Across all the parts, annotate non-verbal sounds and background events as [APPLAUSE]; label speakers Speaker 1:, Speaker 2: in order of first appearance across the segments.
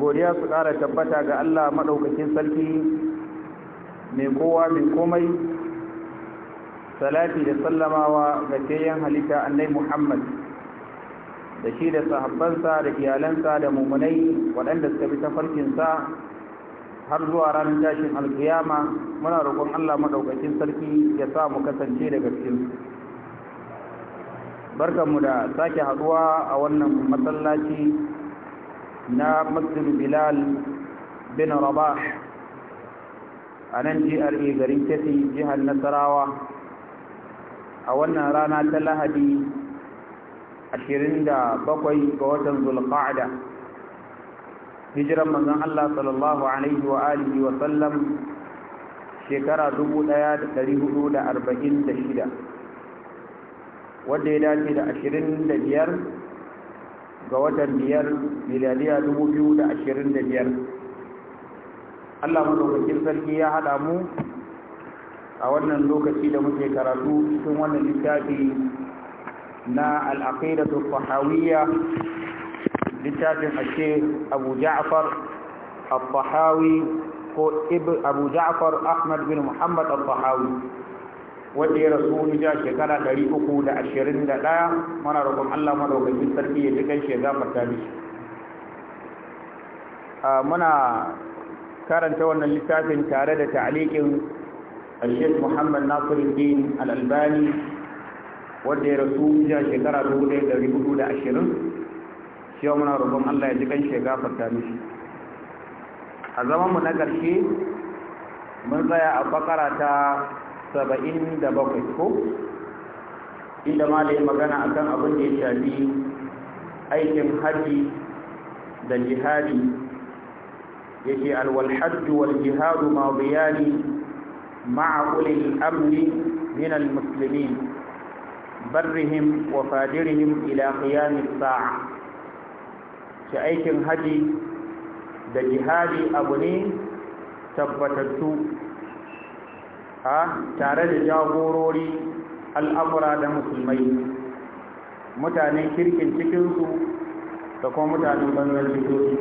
Speaker 1: godiya su ƙara tabbata ga Allah maɗaukakin sarki mai kowa mai komai salati da sallamawa ga tayan halitta annai Muhammad da shi da sahabbansa da iyalansa da mummunai waɗanda suka bi tafarkinsa har zuwa ranar tashin alkiyama muna roƙon Allah maɗaukakin sarki ya sa mu kasance daga cikinsu barkanmu da sake haɗuwa a wannan masallaci na masjid bilal bin rabah a nan jihar garin kefi jihar nasarawa a wannan rana ta lahadi 27 ga watan zulqa'da hijiran manzon Allah sallallahu alaihi wa alihi wa sallam shekara 1446 wanda ya dace da 25 ga watan biyar miliyariya dubu biyu da ashirin da biyar allah madaukakin sarki ya haɗa mu a wannan lokaci da muke karatu cikin wannan littafi na al'aqidatu fahawiyya littafin ashe abu ja'far al-fahawi ko abu ja'far ahmad bin muhammad al-fahawi wanda ya rasu ja shekara 321 mana roƙon Allah madaukakin sarki ya ji kan shi ya gafarta a muna karanta wannan littafin tare da ta'alikin Al-Sheikh Muhammad Nasiruddin Al-Albani wanda ya rasu ja shekara 1420 shi muna roƙon Allah ya ji kan shi ya gafarta mishi a zamanmu na ƙarshe mun tsaya a bakara ta saba'in da ko inda ma da yi magana akan abin da ya shafi aikin haji da jihadi ya ce alwalhajju wal ma bayani ma'a ulil amri min barrihim wa fadirihim ila qiyamis sa'a ce aikin haji da jihadi abu ne tabbatattu ha tare da jagorori al'amura da musulmai mutanen kirkin cikinsu da kuma mutanen bangar cikinsu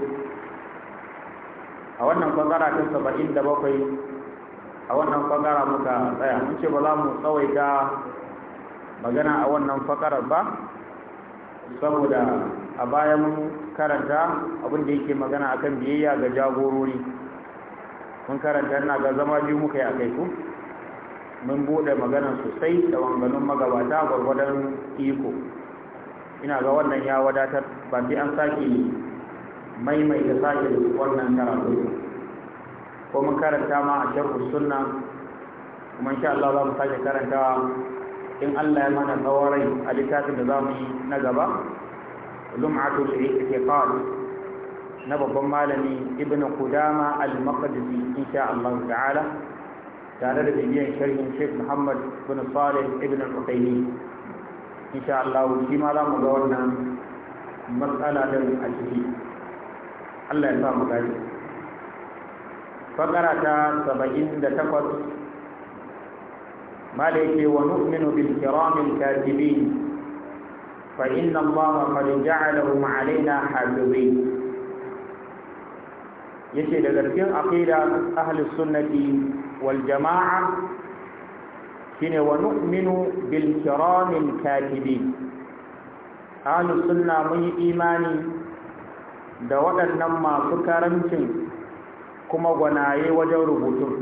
Speaker 1: a wannan fagara ta saba'in da bakwai a wannan fagara muka tsaya mun ce ba za mu tsawaita magana a wannan fakarar ba saboda a baya mun karanta abin da yake magana akan biyayya ga jagorori mun karanta ina ga zama biyu muka yi a kai ku mun buɗe magana sosai da wanganun magabata gwargwadon iko ina ga wannan ya wadatar ba sai an sake maimaita sake wannan karatu ko mun karanta ma a sharhu sunna kuma insha Allah za mu sake karantawa in Allah ya mana tsawarai a littafin da za mu yi na gaba lum'atul i'tiqad na babban malami ibnu qudama al-maqdisi insha Allah ta'ala tare da bibiyan sharhin Sheikh Muhammad bin Salih ibn al-Utaymi insha Allah shi ma za mu ga wannan matsala da a ciki Allah ya sa mu gani fakara ta 78 ma da yake wa nu'minu bil kiramil katibin فإن الله قد جعلهم علينا حافظين yace da garkin aqida ahlus sunnati Waljama'a jama'a shine wa nu'minu bil kiramil katibin ahlu sunna mun yi imani da waɗannan masu karamcin kuma gwanaye wajen rubutun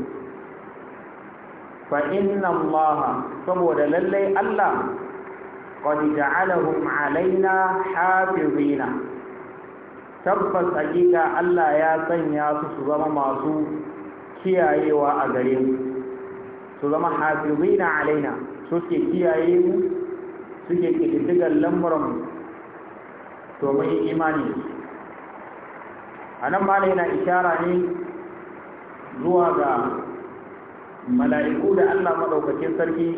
Speaker 1: fa inna allaha saboda lallai allah qad ja'alahum alaina hafizina tabbas hakika allah ya sanya su su zama masu kiyayewa a gare mu su zama na alaina suke kiyaye mu suke kididdigar lamuran to mun imani a nan ma na ishara ne zuwa ga
Speaker 2: mala'iku
Speaker 1: da Allah maɗaukakin sarki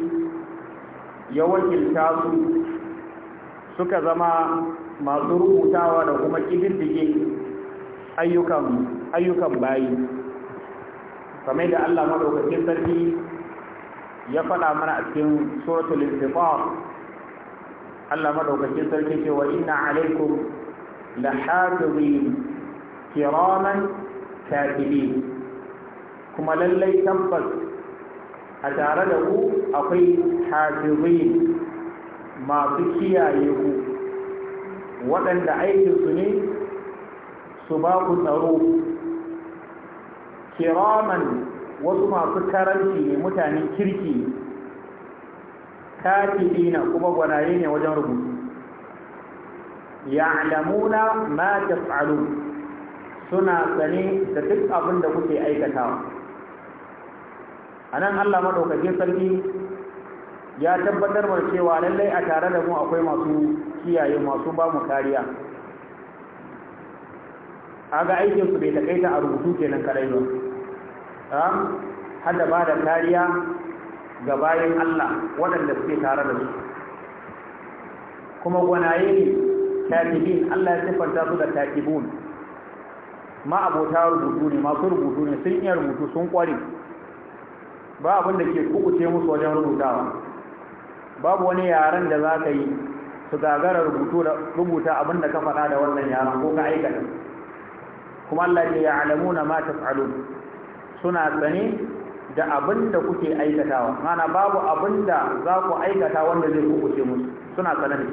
Speaker 1: ya wakilta su suka zama masu rubutawa da kuma ƙididdige ayyukan bayi kamar da Allah madaukakin sarki ya faɗa mana a cikin suratul intifar Allah madaukakin sarki ce wa inna alaikum lahafizin kiraman katibin kuma lallai tabbas a tare da ku akwai hafizin masu kiyaye ku waɗanda aikinsu ne su ba ku tsaro kiraman wasu masu karanci ne mutanen kirki dina kuma gwanaye ne wajen rubutu ya'lamuna ma taf'alu suna sane da duk abin da kuke aikatawa anan Allah maɗaukakin sarki ya tabbatar da cewa lallai a tare da mu akwai masu kiyaye masu ba mu kariya kaga aikin su bai takaita a rubutu kenan kadai ba har da ba da kariya ga bayan Allah waɗanda suke tare da su kuma gwanaye ne takibin Allah ya siffanta su da takibun ma abota rubutu ne masu rubutu ne sun iya rubutu sun kware ba abin da ke kukuce musu wajen rubutawa babu wani yaren da za ka yi su gagara rubuta abin da ka faɗa da wannan yaren ko ka aikata kuma Allah ya ya'lamuna ma taf'alun suna tsane da abinda kuke aikatawa mana babu abinda za ku aikata wanda zai kukuce musu suna tsane da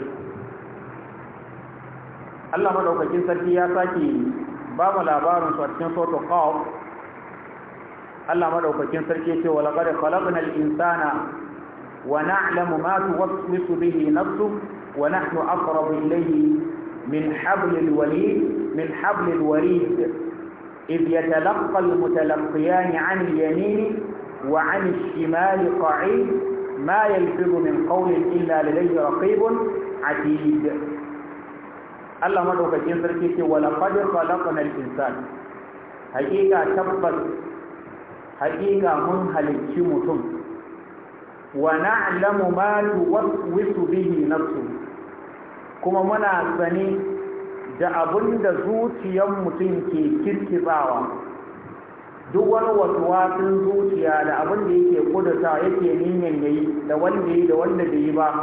Speaker 1: Allah madaukakin sarki ya saki ba mu labarin su a cikin soto qaf Allah madaukakin sarki ce wa laqad khalaqnal insana wa na'lamu ma tuwaswisu bihi nafsuhu wa nahnu aqrabu ilayhi min hablil walid من حبل الوريد إذ يتلقى المتلقيان عن اليمين وعن الشمال قعيد ما يلفظ من قول إلا لديه رقيب عتيد الله مدعوك تنظر ولقد خلقنا الإنسان حقيقة تبقى حقيقة من هلكي ونعلم ما توسوس به نفسه كما منا سنين da abin da zuciyar mutum ke kirkizawa duk wani wasu wasun zuciya da abin da yake kudata yake niyan yayi da wanda yi da wanda bai yi ba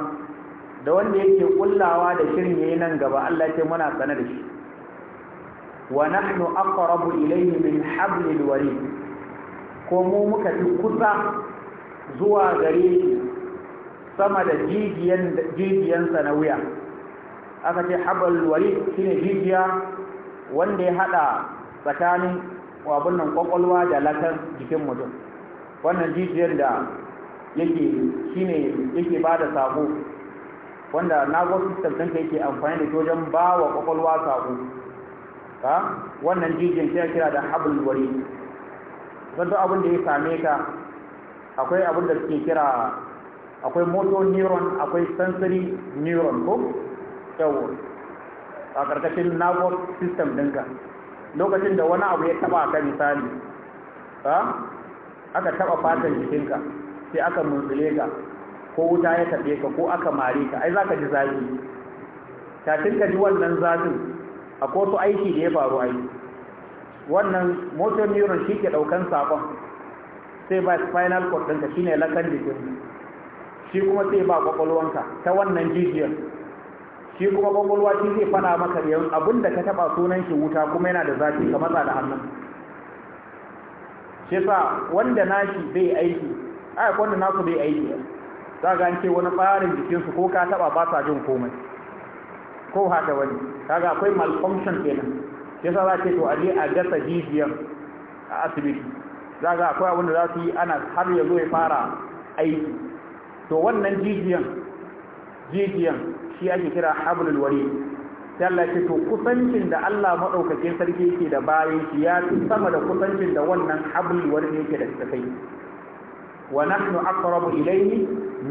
Speaker 1: da wanda yake kullawa da shirin yayi nan gaba Allah ce muna sanar da shi wa nahnu aqrabu ilayhi min hablil warid ko mu muka fi kusa zuwa gare sama da jijiyansa na wuya aka ce habal wari shine jijiya wanda ya hada tsakanin abun nan kwakwalwa da latar jikin mutum wannan jijiyar da yake shine yake ba da sako wanda nervous system ɗinka yake amfani da tojan ba wa kwakwalwa sako ka wannan jijiyar ta kira da habal wari don duk abin da ya same ka akwai abin da suke kira akwai motor neuron akwai sensory neuron ko yawo a ƙarƙashin network system ɗinka lokacin da wani abu ya taɓa ka misali ha aka taɓa fatan jikinka sai aka muntsile ka ko wuta ya taɓe ka ko aka mare ka ai za ka ji zafi kafin ka ji wannan zafin akwai wasu aiki da ya faru yi. wannan motor neuron shi ke ɗaukan saƙon sai ba spinal cord ɗinka shine lakan jikin shi kuma sai ba ƙwaƙwalwanka ta wannan jijiyar shi kuma kwakwalwa shi zai fada maka yau abin da ka taɓa sunan shi wuta kuma yana da zafi ka matsa da hannun shi sa wanda nashi bai aiki ai wanda nasu bai aiki za ga an ce wani tsarin jikinsu ko ka taɓa ba sa jin komai ko haka wani ga akwai malfunction kenan shi sa za ce to aje a gasa jijiyar a asibiti za ga akwai abin da za su yi ana har ya zo ya fara aiki to wannan jijiyan jijiyan shi ake kira hablul wari sai Allah ce to kusancin da Allah madaukakin sarki yake da bayan shi ya fi sama da kusancin da wannan hablul wari yake da kai wa nahnu aqrabu ilayhi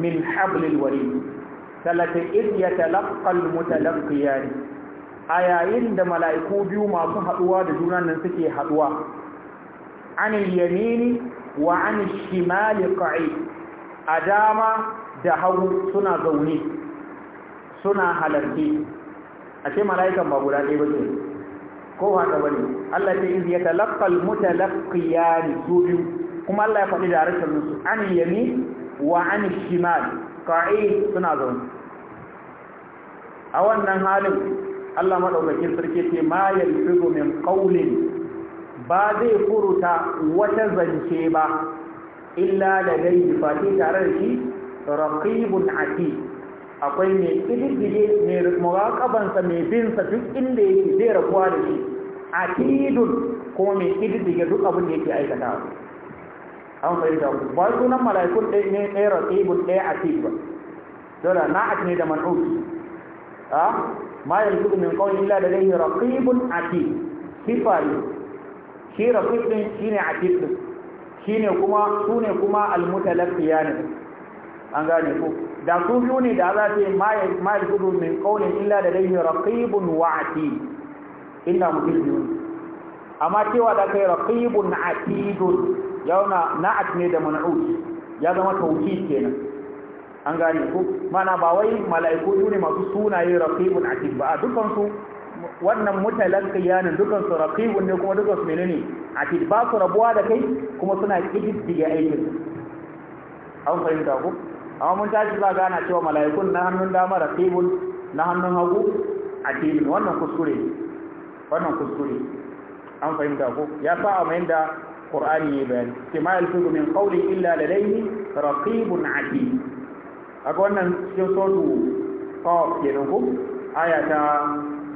Speaker 1: min hablil wari sallata id yatalaqqal mutalaqqiyan a yayin da mala'iku biyu masu haduwa da juna nan suke haduwa anil yamini wa an shimali qa'i a dama da hagu suna zaune suna halarci ashe mala'ikan ba guda ɗaya ba bace ko haka ne. Allah ta izi ya talaqqal mutalaqqiyan su biyu kuma Allah ya faɗi da harshen su an yami wa an shimal qa'i suna zaune a wannan halin Allah madaukakin sarki ce ma yalfizu min ƙaunin. ba zai furuta wata zance ba illa da dai fati tare da shi raqibun atid akwai mai ƙididdige mai muraƙabansa mai binsa duk inda yake zai rakuwa da shi a tidun kuma mai ƙididdige duk abin da yake aikata an fahimta ku ba sunan mala'ikun ɗaya ne ɗaya rasibun ɗaya a tidun ba dole na a ne da man'uki a ma yanzu min kawai illa da laihi rasibun a tidun sifa shi rasib ɗin shi ne a tidun shi ne kuma su ne kuma almutalafiya ne an gane ku da su biyu ne da za su yi ma gudu mai kaunin illa da dai raqibun wa mu inna mutilun amma cewa da kai raqibun atidun yauna na'at ne da man'ut ya zama tawkid kenan an gane ku mana ba wai mala'iku ne masu sunaye raƙibun atid ba A dukansu wannan mutalar kayanin dukansu raƙibun ne kuma dukansu mene menene atid ba su rabuwa da kai kuma suna kididdige aikin an fahimta ku amma mun tashi za gana cewa mala'ikun na hannun dama raqibun na hannun hagu atidun wannan kuskure wannan kuskure an fahimta ko ya sa a mai da qur'ani ya bayani kima yalfidu min qawli illa ladayhi raqibun A aga wannan cikin sotu qaf kenan ko aya ta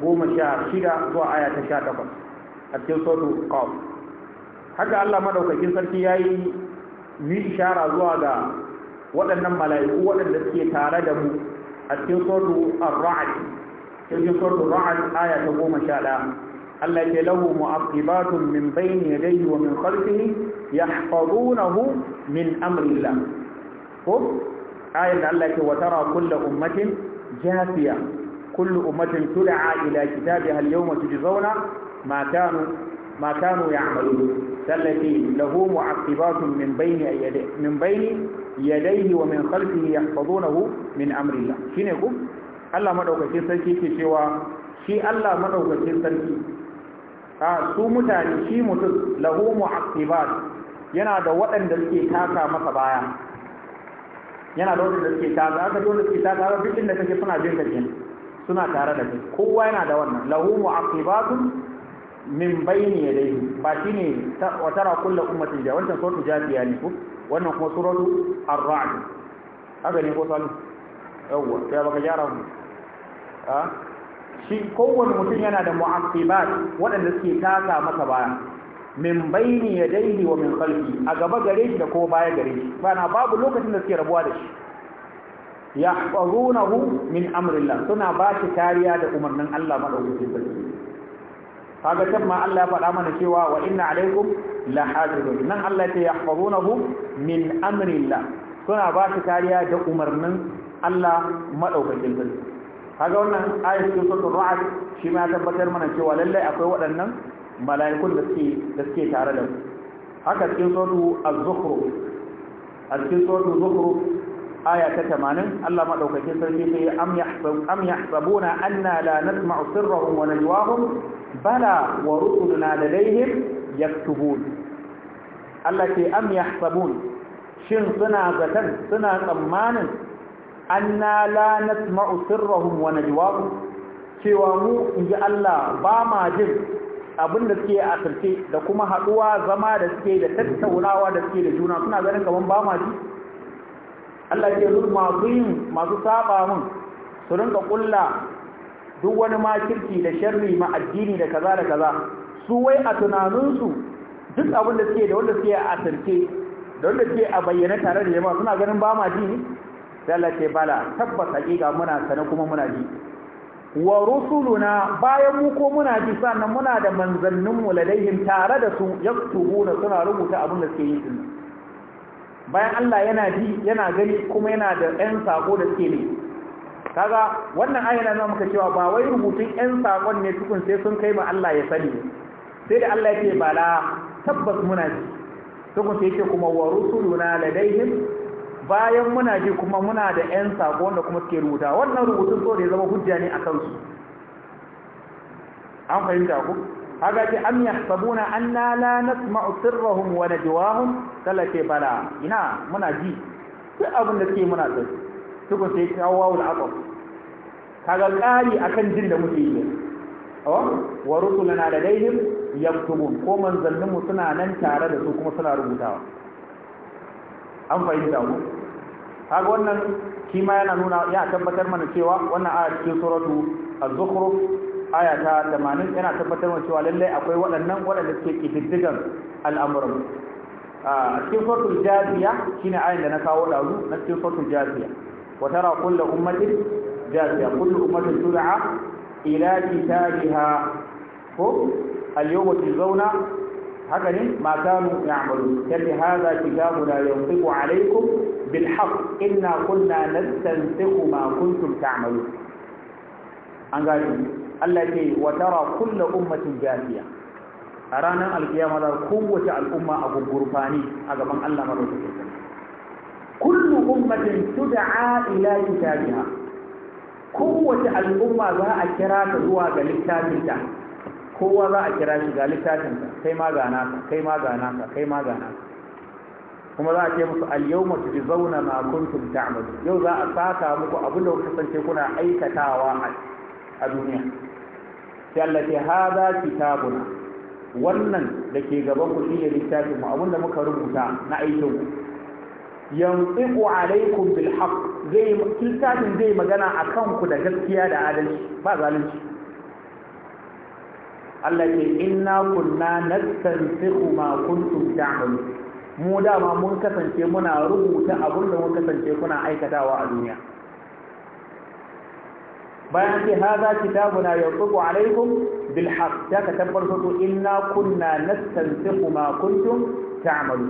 Speaker 1: goma sha shida zuwa aya ta sha takwas a cikin sotu kawo. haka Allah madaukakin sarki yayi ni ishara zuwa ga waɗannan mala'iku waɗanda suke tare da mu a cikin suratu ar-ra'd cikin suratu ar-ra'd aya ta goma 11 Allah ke lahu mu'aqibatun min bayni yadayhi wa min khalfihi yahfazunahu min amri Allah ko ayat Allah ke watara kullu ummatin jafiya kullu ummatin tud'a ila kitabiha al-yawma tujzauna ma kanu ma kanu ya'malun tallafi lahu mu'aqibatun min bayni yadayhi min bayni yadayhi wa min khalfihi yahfazunahu min amrillah shine ku Allah madaukakin sarki ke shi Allah madaukakin sarki a su mutane shi mutum lahu mu'aqibat yana da waɗanda suke taka masa baya yana da waɗanda suke taka aka suke taka ba duk inda kake suna jin ka suna tare da kai kowa yana da wannan lahu mu'aqibatun min bayni yadayhi ba shine wa tara kullu ummatin ja wannan suratu jafiya ne ko wannan kuma suratu ar-ra'd haka ne ko salu yawa sai baka jara mu ha shi kowanne mutum yana da mu'aqibat waɗanda suke taka masa baya min bayni yadayhi wa min khalfi a gaba gare shi da ko baya gare shi bana babu lokacin da suke rabuwa da shi yahfazunahu min amrillah suna ba shi kariya da umarnin Allah madaukakin sarki kaga can ma Allah ya faɗa mana cewa wa inna alaikum la hafizun nan Allah ya yahfazunahu min amrillah suna ba kariya da umarnin Allah madaukakin sarki kaga wannan ayat cikin suratul ra'd shi ma ya tabbatar mana cewa lallai akwai waɗannan mala'ikun da suke da suke tare da mu haka cikin suratul az-zukhruf a cikin aya ta tamanin Allah madaukakin sarki sai am yahsab na yahsabuna anna la nasma'u sirrahum wa najwahum bala wa rusuluna ladayhim yaktubun Allah ce am yahsabun shin suna zatan suna tsammanin anna la nasma'u sirrahum wa najwahum cewa mu in inji Allah ba ma jin abin da suke a asirce da kuma haɗuwa zama da suke da tattaunawa da suke da juna suna ganin kaman ba ma ji Allah ya zuwa masu yin masu saba mun su rinka kulla duk wani makirki da sharri ma addini da kaza da kaza su wai a tunaninsu duk abin da suke da wanda suke a asirce da wanda suke a bayyana tare da jama'a suna ganin ba ma ji ne sai Allah ce bala tabbas hakika muna sana kuma muna ji wa rusuluna bayan mu ko muna ji sannan muna da manzannin mu ladaihim tare da su yaktubuna suna rubuta abin da suke yi din bayan Allah yana ji yana gani kuma yana da ɗan sako da suke ne kaga wannan ayyana na muka cewa ba wai rubutun ɗan sakon ne tukun sai sun kai ma Allah ya sani sai da Allah yake bala tabbas muna ji tukun sai yake kuma wa rusuluna ladaihim bayan muna ji kuma muna da ɗan sako wanda kuma suke rubuta wannan rubutun so da ya zama hujja ne a kansu an fahimta ku haka ce am yahsabuna anna la nasma'u sirrahum wa najwahum talake bala ina muna ji duk abin da suke muna sai tukun sai tawawul aqab kaga kari akan jin da muke yi wa rusulana ladaihim yaktubun ko manzanninmu mu suna nan tare da su kuma suna rubutawa an fahimta ku kaga wannan kima yana nuna ya tabbatar mana cewa wannan a cikin suratu az-zukhruf aya ta tamanin yana tabbatar wa cewa lallai akwai waɗannan waɗanda suke kididdigan al'amuran a cikin suratul jaziya ne ayan da na kawo dazu na cikin suratul jaziya wa tara kullu ummatin jaziya kullu ummatin tud'a ila kitabiha ko al-yawma tuzawna haka ne ma kanu ya'malu kalli hadha kitabuna yanṭiqu 'alaykum bil haqq inna san siku ma kuntum ta'malun an gani Allah ke wa tara kulla ummatin jafiya a ranar alkiyama da kowace al'umma a gurgurfani a gaban Allah madaukakin sarki kullu ummatin su tud'a ila kitabiha kowace al'umma za a kira ta zuwa ga littafinta kowa za a kira shi ga littafinta kai ma ga naka kai ma ga naka kai ma ga naka kuma za a ce musu al-yawma tujzauna ma kuntum ta'malu yau za a saka muku abinda da kuka kasance kuna aikatawa a duniya sai Allah ce haza kitabuna wannan da ke gaban ku shine littafin mu da muka rubuta na aikin ku yanzu alaikum bil haqq zai littafin zai magana akan ku da gaskiya da adalci ba zalunci Allah ce inna kunna nastansikhu ma kuntum ta'mal mu dama mun kasance muna rubuta abin da mun kasance kuna aikatawa a duniya bayan ce haza kitabuna yanzuku alaikum bil haqq ta ka tabbatar soto inna kunna kuma ma kuntum ta'malu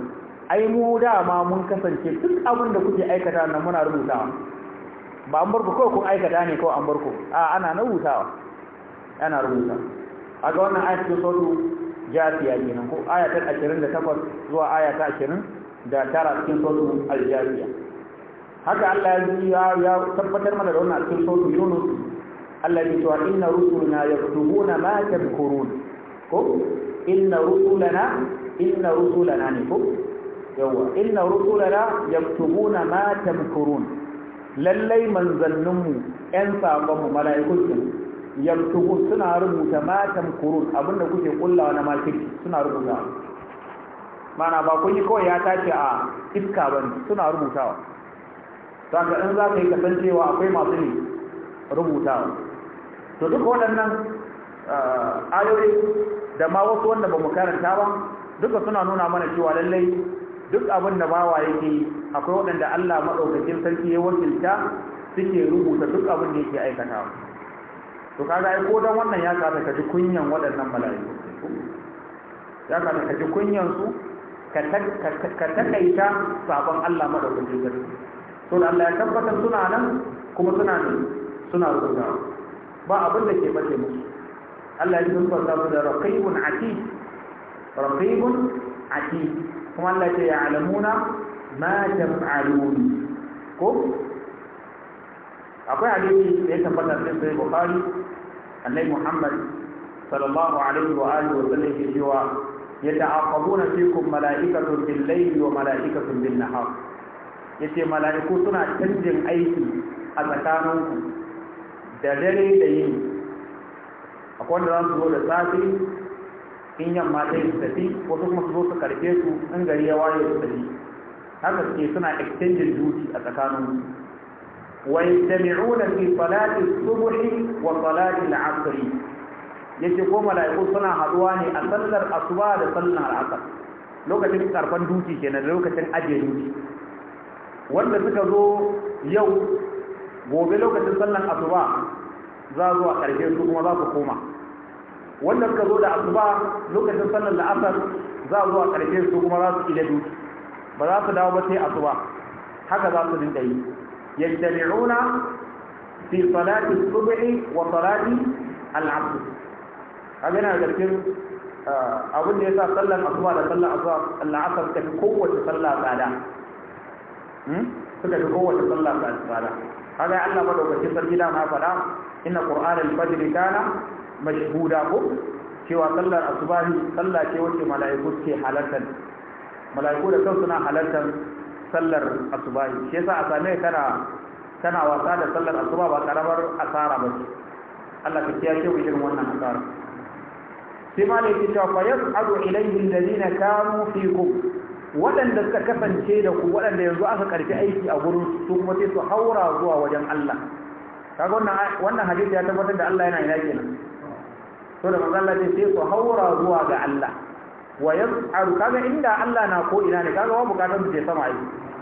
Speaker 1: ai mu da ma mun kasance duk abin da kuke aikata nan muna rubutawa ba an barku kawai kun aikata ne kawai an barku a ana na rubutawa ana rubuta a ga wannan ayatun sautu jafiya kenan ko ayatar 28 zuwa ayata 20 da tara cikin sautu aljafiya haka Allah ya tabbatar mana da wannan cikin sautu Yunus Allah ya cewa inna rusulana yaktubuna ma tadhkurun ko inna rusulana inna rusulana ne ko yawa inna rusulana yaktubuna ma tamkurun lallai manzanninmu ƴan saƙonmu mala'ikun yamtuku suna rubuta ma tamkurun abinda kuke kullawa na makirki suna rubuta mana ba kun yi kawai ya tashi a iska ba suna rubutawa saka in za ka yi kasancewa akwai masu ne rubutawa to duka waɗannan ah, ayoyi da ma wasu wanda ba mu karanta ba duka suna nuna mana cewa lallai duk abin da bawa yake akwai waɗanda Allah maɗaukakin sarki ya wakilta suke rubuta duk abin da yake aikatawa to kaga ai ko dan wannan ya kafa ka ji kunyan waɗannan mala'iku ya kafa ka ji kunyan su ka takaita sabon Allah maɗaukakin sarki to Allah ya tabbatar suna nan kuma suna ne suna rubutawa ba abin da ke bace musu Allah ya sifanta su da raqibun atid raqibun atid kuma Allah ya ya'lamuna ma taf'alun ko akwai hadisi da ya tabbata cikin sahih bukhari annabi muhammad sallallahu alaihi wa alihi wa sallam ya cewa yata'aqabuna fikum mala'ikatun bil layli wa mala'ikatun bin nahar yace mala'iku suna canjin aiki a tsakaninku da dare da yini akwai wanda za su zo da safe in yamma ta yi su tafi wasu kuma su zo su karfe su in gari ya waye su tafi haka suke suna extended duty a tsakanin salati subhi wa salati al-asr yace ko mala'iku suna haduwa ne a sallar asuba da sallar asar lokacin karfan duki kenan da lokacin ajiye wanda suka zo yau gobe lokacin sallan asuba za zuwa ƙarshe su kuma za su koma wanda suka zo da asuba lokacin sallan la'asar za zuwa ƙarshe su kuma za su ƙi da ba za su dawo ba sai asuba haka za su dinga yi yattabi'una fi salati subhi wa salati al-'asr kaga na garkin eh, abin da ya sa sallar asuba da sallan sallar al'asar hmm? suka fi kowace sallah tsada suka fi kowace sallah tsada kaga Allah madaukakin sarki da ma faɗa inna qur'ana al-fajr kana mashhuda ko cewa sallar asubahi sallah ce wacce mala'iku ke halartar mala'iku da kansu na halartar sallar asubahi shi yasa a same kana kana wasa da sallar asuba ba karamar asara ba ce Allah ka kiyaye mu irin wannan asara sai malai ke cewa fa yas'alu ilayhi alladhina kanu fiikum waɗanda suka kasance da ku waɗanda yanzu aka karfi aiki a gurin su kuma sai su haura zuwa wajen Allah kaga wannan wannan hadisi ya tabbatar da Allah yana ina kenan to da manzo Allah sai su haura zuwa ga Allah wa yas'aru kaga inda Allah na ko ina ne kaga wa bukatun su je sama ai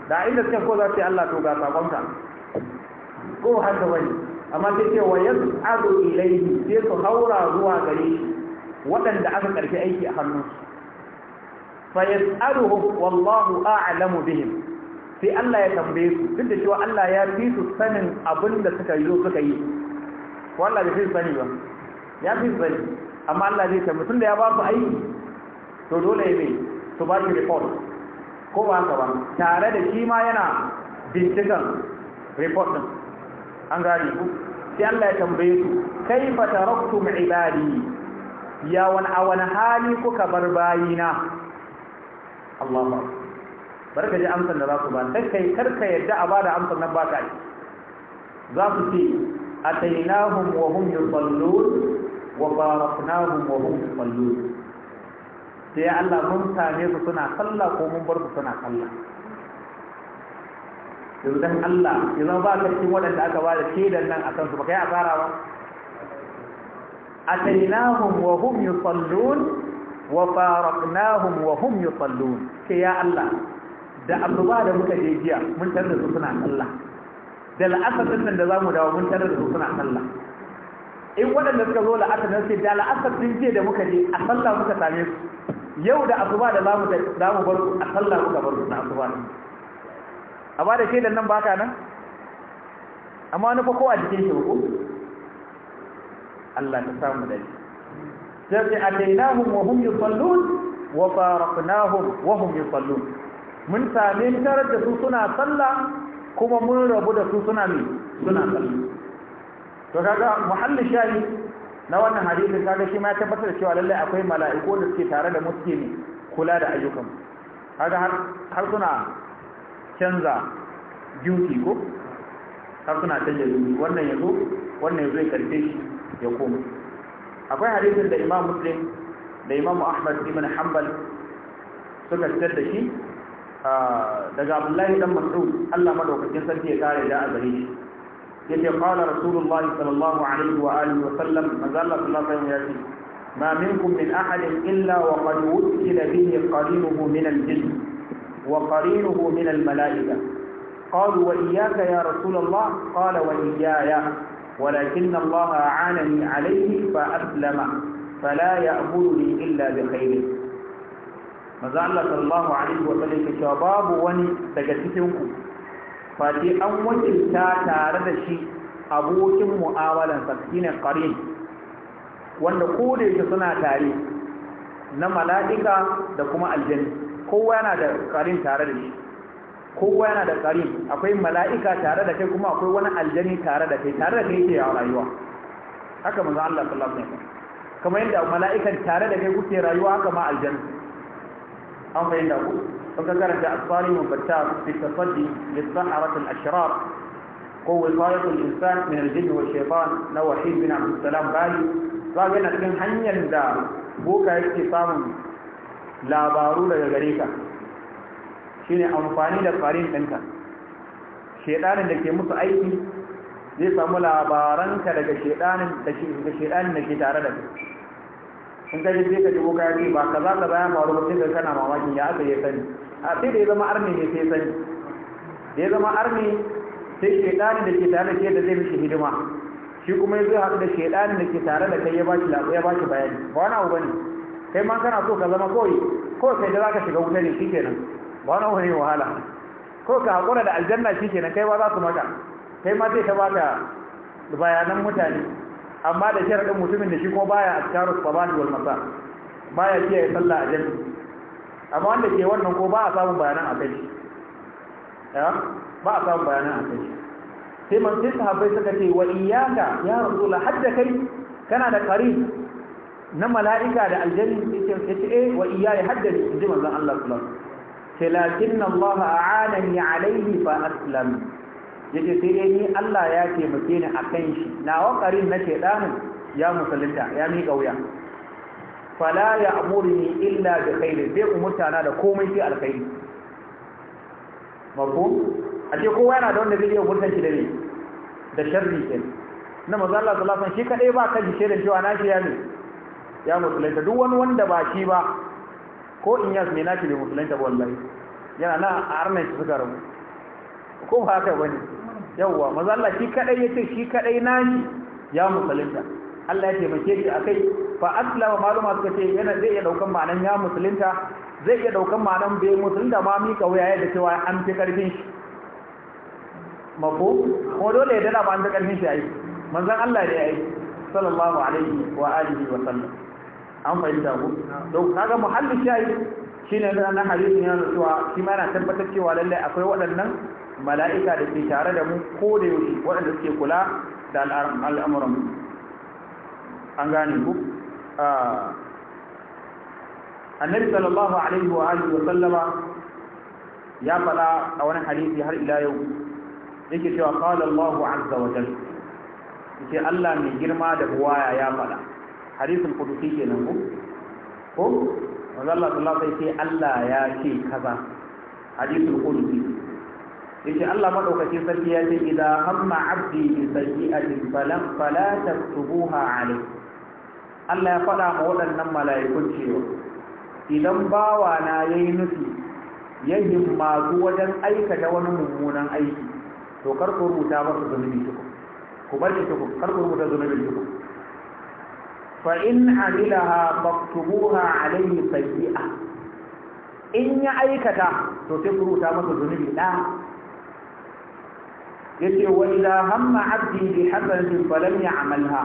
Speaker 1: da inda suke ko za su Allah to ga sakonka ko har da wani amma sai ce wa yas'aru ilayhi sai su haura zuwa gare shi waɗanda aka karfi aiki a hannunsu fayas'aluhum wallahu a'lamu bihim sai Allah ya tambaye su duk da cewa Allah ya fi su sanin abin da suka yi suka yi wallahi bai fi sani ba ya fi sani amma Allah zai tambaye da ya ba su aiki to dole ne su ba shi report ko ba ka ba tare da shi ma yana bincikan report din an gane ku sai Allah ya tambaye su kaifa taraktum ibadi ya wani a wani hali kuka bar bayina Allahu akbar barka ji amsar da za ku ba sai kai karka yadda a bada amsar nan ba ka yi za su ce atainahum wa hum yusallun wa baraknahum wa hum yusallun sai Allah mun same su suna kalla ko mun bar su suna kalla, yanzu dan Allah yanzu ba ka cikin waɗanda aka ba da shedan nan a kansu ba kai a tsara ba a atainahum wa hum yusallun wa faraqnahum wa hum yusallun ke ya Allah da annuba da muka je jiya mun tarda su suna sallah da la'asar nan da zamu dawo mun tarda su suna sallah in waɗanda suka zo la'asar nan sai da la'asar din je da muka je a sallah muka same su yau da asuba da zamu zamu bar su a sallah muka bar su na asuba a ba da ke nan baka nan amma nufa ko a jikin shi ko Allah ta samu da shi sai atainahum wa hum yusallun wa faraqnahum wa hum yusallun mun same tarar da su suna sallah kuma mun rabu da su suna mi suna sallah to kaga muhalli shayi na wannan hadisi kaga shi ma ya tabbatar da cewa lalle akwai mala'iku da suke tare da musulmi kula da ayyukan kaga har har suna canza duty ko har suna canza duty wannan yazo wannan yazo ya karfe shi ya koma akwai hadisin da imam muslim da imam ahmad ibn hanbal suka fitar da shi daga abdullahi dan mas'ud Allah madaukakin sarki ya kare da azare shi yace qala rasulullah sallallahu alaihi wa alihi wa sallam manzo Allah sallallahu alaihi wa sallam ma minkum min ahadin illa wa qad wukila bihi qarinuhu min al-jinn wa qarinuhu min al-mala'ika قالوا وإياك يا رسول الله قال وإيايا ولكن الله أعانني عليه فأسلم فلا يأمرني إلا بخير maza Allah sallallahu alaihi wa sallam ke cewa babu wani daga cikin ku fati an wakilta tare da shi abokin mu'amalan sa shine wanda ko da suna tare na mala'ika da kuma aljanna kowa yana da qarin tare da shi kowa yana da tsari akwai mala'ika tare da kai kuma akwai wani aljani tare da kai tare da kai yake a rayuwa haka manzo Allah sallallahu alaihi wasallam kamar yadda mala'ikan tare da kai kuke rayuwa haka ma aljani an da ku sun ka karanta asali wa batta fi tasaddi lis-saharat al-ashrar ko wasayatul insan min al-jinn wa shaytan na wahid bin abdul salam bali zaka yana cikin hanyar da boka yake samun labaru daga gare ka shine amfani da farin ɗinka shedanin da ke musu aiki zai samu labaranka daga shedanin da shedanin da ke tare da kai in ka je sai ka jibo kaya ba ka za ka zaya faru ba sai ka kana mamakin ya aka ya sani a sai da ya zama arni ne sai sani da ya zama arni sai shaidani da ke tare da ke da zai mishi hidima shi kuma ya zai haɗu da shaidani da ke tare da kai ya bashi labu ya bashi bayani ba wani abu bane kai ma kana so ka zama kawai kawai kai da za ka shiga wuta ne shikenan ba wani wani wahala ko ka haƙura da aljanna shi kenan kai ma za su maka kai ma zai ta baka bayanan mutane amma da shi sharaɗin mutumin da shi kuma baya askaru sabani wal masa baya kiyaye sallah a jami'i amma wanda ke wannan ko ba a samun bayanan a kai ba a samun bayanan a kai sai man sai sahabbai suka ce wa iyaka ya har da kai kana da qarin na mala'ika da aljanni sai ce eh wa iyaya haddani inji manzon Allah sallallahu alaihi wasallam sai lakin Allah a'anani alaihi fa aslam yace sai dai ni Allah ya taimake ni kan shi na wakarin na shedanin ya musulunta ya mi kauya fala ya'muruni illa bi khair sai umurtana da komai sai alkhairi a ce kowa yana da wanda zai yi shi da ni da sharri kenan na maza Allah sallallahu alaihi wasallam shi kadai ba kan shi da cewa na shi ya ne ya musulunta duk wani wanda ba shi ba ko in yas mai nashi bai musulunta ba wallahi yana na a arnan shi suka rabu ko ba haka bane yawwa maza Allah shi kadai yace shi kadai nashi ya musulunta Allah ya taimake shi akai fa aslama maluma suka ce yana zai iya daukan ma'anan ya musulunta zai iya daukan ma'anan bai musulunta ma mika waya da cewa an fi karfin shi mako ko dole ya dana ba an fi karfin shi ai manzon Allah ne yi. sallallahu alaihi wa alihi wa sallam an fahimta ku to kaga muhalli shayi shine na hadisin yana cewa shi ma yana tabbatar cewa lallai akwai waɗannan mala'ika da ke tare da mu ko da yaushe waɗanda suke kula da al'amuran mu an gane ku ah, annabi sallallahu alaihi wa alihi wa sallama ya faɗa a wani hadisi har ila yau yake cewa qala Allahu azza wa jalla yake Allah mai girma da buwaya ya faɗa Hadisin hadisul qudusi nan ko ko manzo Allah sallallahu Allah ya ce kaza hadisul Ya ce Allah madaukakin sarki ya ce idza hamma abdi bi sayyi'atin falam fala taktubuha alayhi Allah ya faɗa ma waɗannan mala'ikun cewa idan bawa na yayi nufi ya himmatu wajen aikata wani mummunan aiki to kar ku rubuta masa zunubi tuku ku bar shi tuku kar ku rubuta zunubin tuku fa'in amilaha faktubuha alayhi sayyi'a in ya aikata to sai rubuta masa zunubi ɗaya yace wa idza hamma 'abdi bi hasanatin ya amalha.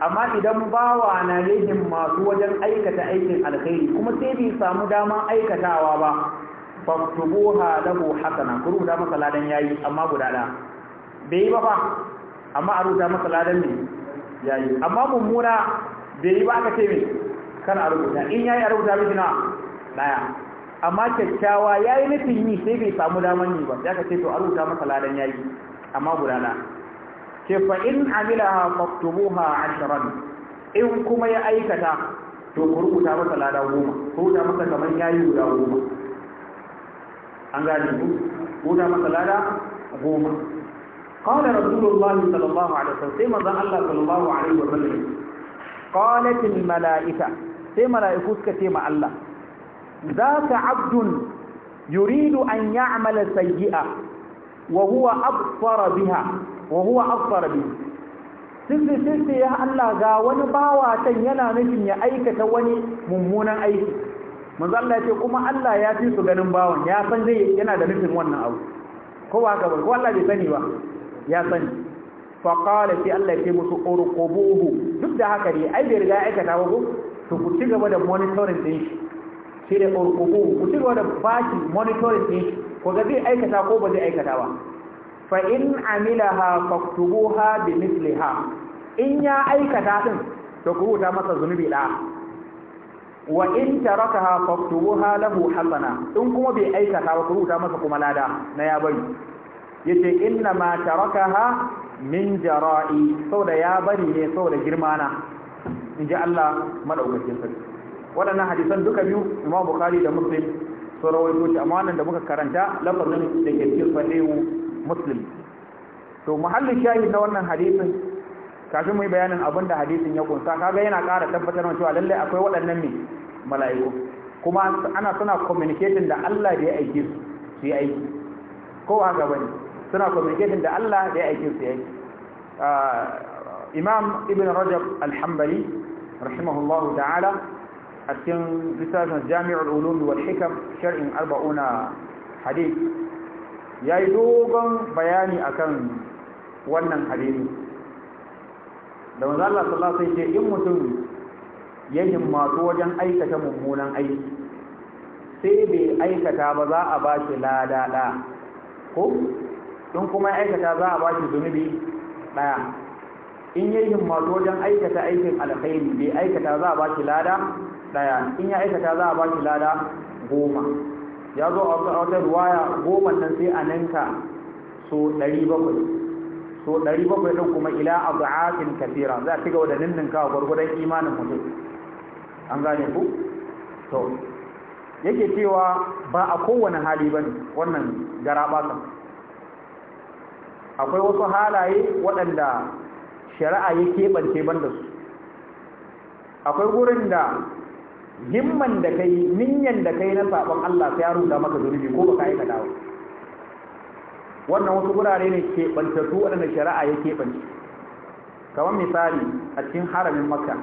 Speaker 1: amma idan bawa na yayin masu wajen aikata aikin alkhairi kuma sai bai samu daman aikatawa ba faktubuha lahu hasana ku rubuta masa ladan yayi amma guda da bai yi ba ba amma a rubuta masa ladan ne yayi amma mummuna bai yi ba aka ce mai kan rubuta in yayi a rubuta miki na daya amma kyakkyawa yayi nufin yi sai bai samu daman yi ba ya ka ce to a rubuta masa ladan yayi amma gudana ke fa in faktubu ha ashirar in kuma ya aikata to ku rubuta masa ladan goma ku rubuta masa kamar yayi guda goma an gane ku rubuta masa lada goma قال رسول الله صلى الله عليه وسلم سيما ذا الله صلى الله عليه وسلم قالت الملائكة سيما لا يفوتك سيما الله ذاك عبد يريد أن يعمل سيئة وهو أبصر بها وهو أبصر بها sirri sirri ya Allah ga wani bawa can yana nufin ya aikata wani mummunan aiki manzo Allah ya ce kuma Allah ya fi su ganin bawan ya san zai yana da nufin wannan abu ko ba ka ko Allah bai sani ba ya sani faƙala sai Allah ya ce musu urqubuhu duk da haka ne ai bai riga aikata ba ko to ku ci gaba da monitoring din shi shi da urqubuhu ku ci gaba da bashi monitoring din shi ko ga zai aikata ko ba zai aikata ba fa in amilaha ha bi ha. in ya aikata din to ku rubuta masa zunubi da wa in tarakaha ha lahu hasana in kuma bai aikata ba ku rubuta masa kuma lada na ya bari yace inna ma tarakaha min jara'i da ya bari ne saboda girmana ji Allah madaukakin sarki waɗannan hadisan duka biyu Imam Bukhari da Muslim sun rawaito shi amma wannan da muka karanta lafazin da ke cikin sahihu Muslim to muhallin shayi na wannan hadisin kafin mu yi bayanin abin da hadisin ya kunsa kaga yana ƙara tabbatar da cewa lallai akwai waɗannan ne mala'iku kuma ana suna communicating da Allah da ya aike su su yi aiki ko haka bane suna communicating da Allah da aiki su yake ah, imam ibn rajab al-hanbali rahimahullahu ta'ala a cikin littafin jami'ul ulum wal hikam shar'in arba'una hadith yayi dogon bayani akan wannan hadisi da manzo Allah sallallahu alaihi wasallam in mutum ya masu wajen aikata mummunan aiki sai bai aikata ba za a ba shi ladada ko don kuma aikata za a ba shi zunubi ɗaya in yi himmatu wajen aikata aikin alkhairi bai aikata za a ba shi lada ɗaya in ya aikata za a ba shi lada goma ya zo a wata ruwaya goma nan sai a ninka so ɗari bakwai so ɗari bakwai ɗin kuma ila a za'afin kafira za a ci gaba da ninninka gwargwadon imanin mutum an gane ku to yake cewa ba a kowane hali ba ne wannan garaɓa akwai wasu halaye waɗanda shari'a ya keɓance ban da su akwai gurin da himman da kai minyan da kai na sabon Allah sai ya ruda maka zunubi ko baka yi dawo wannan wasu gurare ne su waɗanda shari'a ya keɓance kamar misali a cikin haramin makka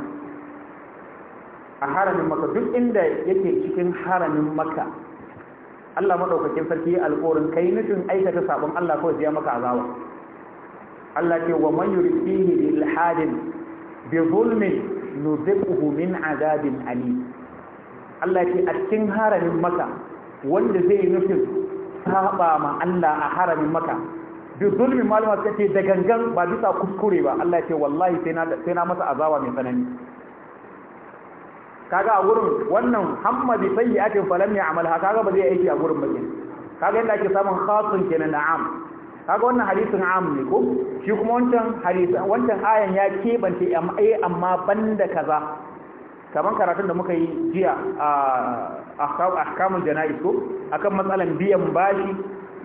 Speaker 1: a haramin makka duk inda yake cikin haramin makka Allah madaukakin sarki ya alƙorin kai nufin aikata sabon Allah kawai ya maka azaba Allah ce wa man yurid fihi bil hadin bi zulmin nuzibuhu min azabin alim Allah ce a cikin haramin maka wanda zai nufin saba ma Allah a haramin maka bi zulmin malama ta ce da gangan ba bisa kuskure ba Allah ce wallahi sai na masa azaba mai tsanani kaga a gurin wannan hamma bi sayyi'atin falam amala kaga ba zai aiki a gurin ba kaga yanda ake samun khasun kenan na am kaga wannan hadisin am ne ko shi kuma wancan hadisin wancan ayan ya kebance eh, amma banda kaza kaman karatun da muka yi jiya a ahkamul janaiz ko akan matsalan biyan bashi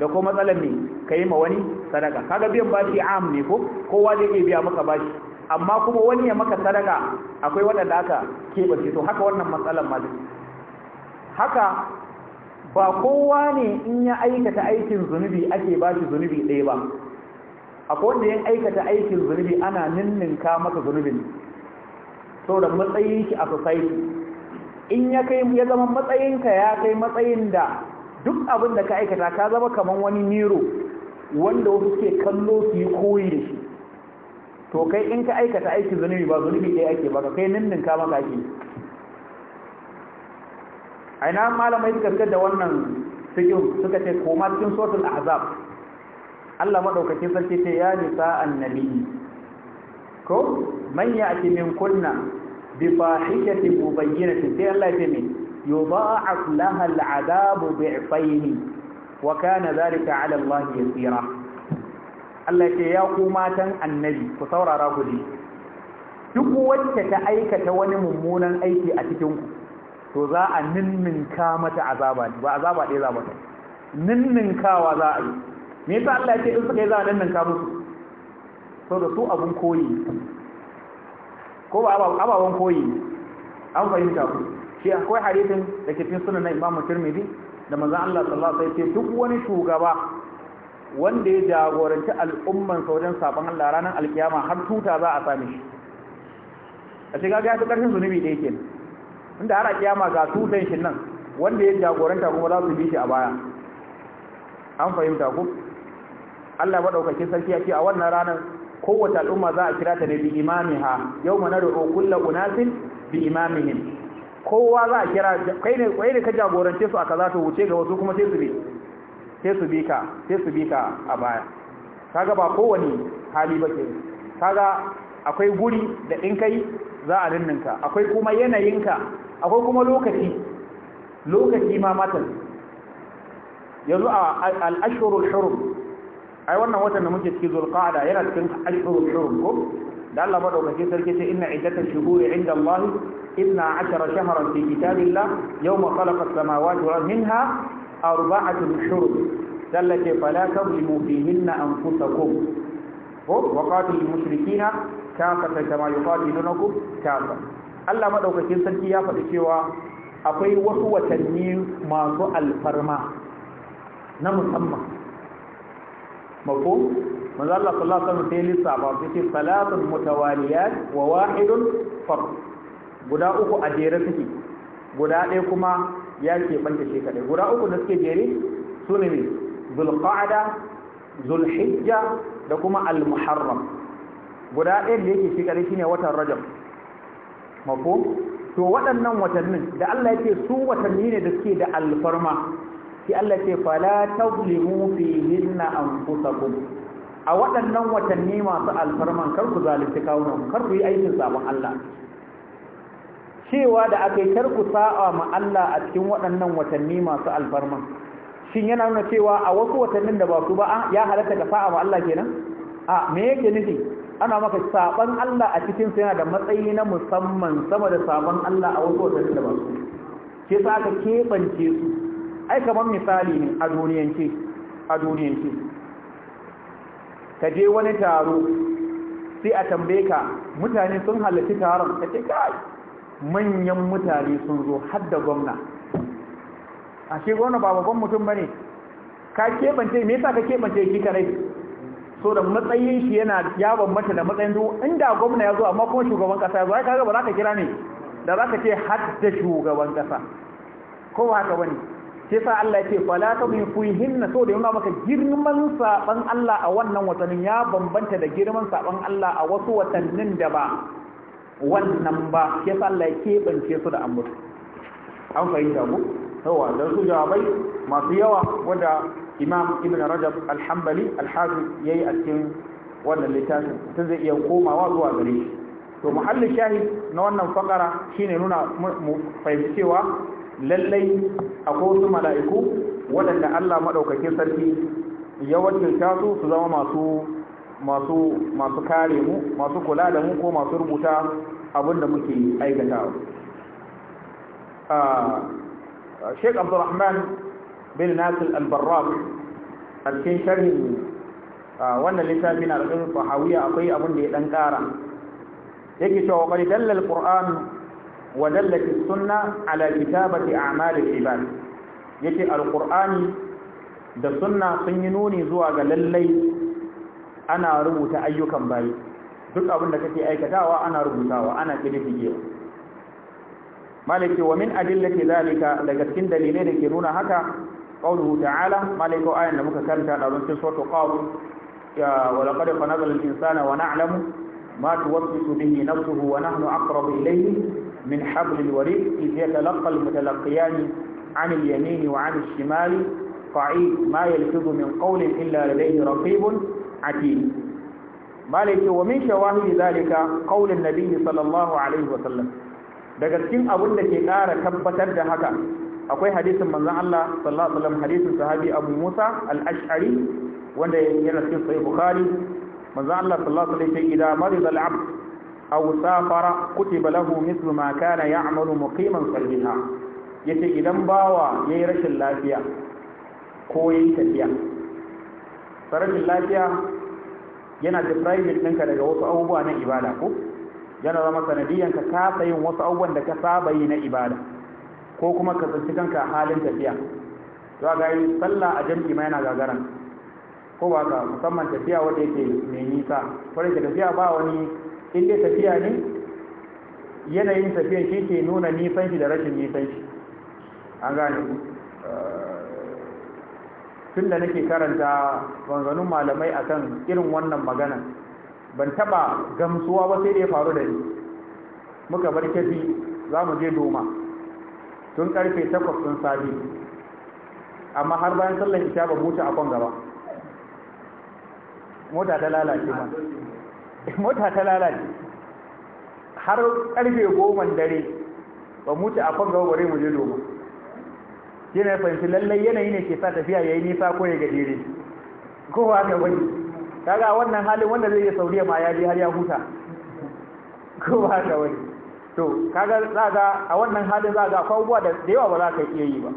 Speaker 1: da ko matsalan ne kai ma wani sadaka kaga biyan bashi am ne ko kowa zai iya biya maka bashi amma kuma wani ya maka sadaka akwai waɗanda aka keɓace to haka wannan matsalar ma haka ba kowa ne in ya aikata aikin zunubi ake ba shi zunubi ɗaya ba akwai wanda ya aikata aikin zunubi ana ninninka maka zunubin da matsayin shi a society in ya kai ya zama matsayinka ya kai matsayin da duk abin da ka aikata ka zama kamar wani miro wanda wasu ke kallo su yi koyi da shi to kai in ka aikata aikin zunubi ba zunubi ɗaya ake baka kai ninnin ka maka ake aina malamai suka fitar da wannan cikin suka ce koma cikin sotul ahzab Allah madaukakin sarki ce ya nisa annabi ko manya ya'ti min kunna bi fahishatin mubayyinatin sai Allah ya ce me yudha'af laha al'adabu bi'faini wa kana dhalika 'ala Allah yasira Allah ce ya ku matan annabi ku saurara ku ji duk wacce ta aikata wani mummunan aiki a cikin ku to za a ninninka mata azaba ba azaba dai za mata ninninkawa za a yi me yasa Allah ce in suka yi za a ninninka musu so da su abun koyi ko ba ababan koyi an fahimta ku shi akwai hadisin da ke cikin sunan Imam Tirmidhi da manzon Allah sallallahu alaihi wasallam duk wani shugaba wanda ya jagoranci al'umman wajen saban Allah ranar alkiyama har tuta za a sami shi a shiga ga ta ƙarshen zunubi da yake inda har alkiyama ga tutan shi nan wanda ya jagoranta kuma za su bi shi a baya an fahimta ku Allah ɗaukakin sarki ya ce a wannan ranar kowace al'umma za a kira ta ne bi imamiha yau mana da kulla unasin bi imamihim kowa za a kira kai ne kai ne ka jagorance su aka za wuce ga wasu kuma sai su bi sai su bika sai su bika a baya kaga ba kowane hali ba ke kaga akwai guri da in kai za a ninninka akwai kuma yanayinka akwai kuma lokaci lokaci ma matan yanzu a al'ashurul shurum ai wannan watan da muke cikin zulqa'ada yana cikin ashurul shurum ko da Allah madaukake sarki ce inna iddatash shuhuri 'inda Allah 12 shahran fi kitabillah yawma khalaqa as-samawati wa minha arba'atun shurud tallake fala tazlimu fihinna anfusakum ko wa qatilul mushrikina kafatan kama yuqatilunakum kafa Allah madaukakin sarki ya faɗi cewa akwai wasu watanni masu alfarma na musamman mako manzo Allah sallallahu alaihi wasallam sai lissafa sai salatun mutawaliyat wa wahidun fard guda uku a jere suke guda ɗaya kuma ya ke banta shi kadai guda uku da suke jere su ne zulqa'ada zulhijja da kuma al guda ɗaya da yake shi kadai ne watan rajab mafhum to waɗannan watannin da Allah ya ce su watanni ne da suke da alfarma sai Allah ce fala tazlimu fihinna anfusakum a waɗannan watanni masu alfarman kar ku zalunci kawunan kar ku yi aikin sabon Allah cewa da aka yi ku sa'a ma Allah a cikin waɗannan watanni masu alfarma shin yana nuna cewa a wasu watannin da ba su ba ya halatta ka sa'a ma Allah kenan a me yake nufi ana maka saban Allah a cikin sa yana da matsayi na musamman sama da saban Allah a wasu watannin da ba su ke sa aka keɓance su ai kamar misali ne a duniyance a duniyance ka je wani taro sai a tambaye ka mutane sun halarci taron ka ce kai manyan mutane sun zo har gwamna a shi gwamna ba babban mutum ba ne ka keɓance me yasa ka keɓance shi kadai so da matsayin shi yana ya bambanta da matsayin duk inda gwamna ya zo amma kuma shugaban kasa ya zo ai kaga ba za ka kira ne da za ka ce har shugaban kasa ko ba haka bane sai sa Allah ya ce fala ta min fuhinna so da yana maka girman saban Allah a wannan watannin ya bambanta da girman saban Allah a wasu watannin da ba wannan ba ya sa keɓance su da ambata an fahimta mu sauwa don su jawabai masu yawa wadda imam ibn rajab alhambali alhazi ya yi a cikin wannan littafin sun zai iya komawa zuwa gare shi to muhallin shahi na wannan fakara ne nuna mu fahimci cewa lallai akwai wasu mala'iku waɗanda Allah maɗaukakin sarki ya wakilta su su zama masu masu masu kare mu masu kula da mu ko masu rubuta abin da muke aikatawa Sheikh Abdulrahman bin Nasir al a cikin sharhin wannan littafi na da fahawiya akwai abinda ya dan kara yake cewa qad dalla al wa dallat as-sunna ala kitabati a'mal al-ibad yake da sunna sun yi nuni zuwa ga lallai ana rubuta ayyukan bayi duk abin da kake aikatawa ana rubutawa ana kididdigewa malaki wa min adillati zalika daga cikin dalilai da ke nuna haka qawluhu ta'ala malaki ayan da muka karanta da cikin suratul qaf ya wa laqad khalaqal insana wa na'lamu ma tuwaswisu bihi nafsuhu wa nahnu aqrabu ilayhi min hablil warid idh yatalaqqa al 'an al yamini wa 'an al shimali qa'id ma yalfizu min qawlin illa ladayhi raqibun addini malai ce wa min shawahidi zalika qaulin nabi sallallahu alaihi wa sallam daga cikin abin da ke ƙara tabbatar da haka akwai hadisin manzon Allah sallallahu alaihi wa sallam hadisin sahabi Abu Musa al-Ash'ari wanda yana cikin sahih Bukhari manzon Allah sallallahu alaihi wa sallam idan marida al-abd aw safara kutiba lahu mithlu ma kana ya'malu muqiman sahiha yace idan bawa yayi rashin lafiya ko yayi tafiya farashin lafiya yana depriving ɗinka daga wasu abubuwa na ibada ko yana zama sanadiyan ka kasa yin wasu abubuwan da ka saba yi na ibada ko kuma ka tsinci kanka a halin tafiya to ga yi sallah a jam'i ma yana gagaran ko ba ka musamman tafiya wanda yake mai nisa da tafiya ba wani in dai tafiya ne yanayin tafiyan shi ke nuna nisan shi da rashin nisan shi an gane eh, tun da nake karanta wanzanin malamai akan irin wannan magana ban taba gamsuwa ba sai da ya faru da ni muka bar kefi za mu je doma tun karfe takwas sun sabi amma har bayan sallan isha ba mota a kwan gaba mota ta lalace ba [LAUGHS] mota ta lalace har karfe goma dare ba mota a kwan gaba bare mu je doma yana fahimci lallai yanayi ne ke sa tafiya ya yi nisa ko ya gajere ko haka wani kaga wannan halin wanda zai yi saudiya ma ya je har ya huta ko haka wani to kaga za ga a wannan halin za ga abubuwa da yawa ba za ka iya yi ba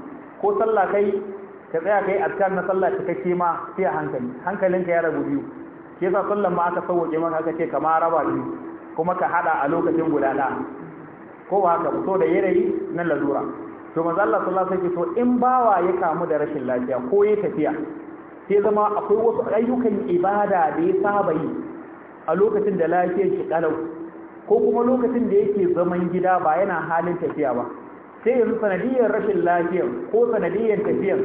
Speaker 1: ko sallah kai ka tsaya kai azkar na sallah cikakke ma sai a hankali hankalinka ya rabu biyu ke sa sallan ma aka sauke maka aka ce kama raba biyu kuma ka hada a lokacin guda ko ba haka so da yanayi na lalura to manzo Allah sallallahu alaihi wasallam so in bawa ya kamu da rashin lafiya ko ya tafiya sai zama akwai wasu ayyukan ibada da ya saba yi a lokacin da lafiyar shi kalau ko kuma lokacin da yake zaman gida ba yana halin tafiya ba sai yanzu sanadiyar rashin lafiya ko sanadiyar tafiyar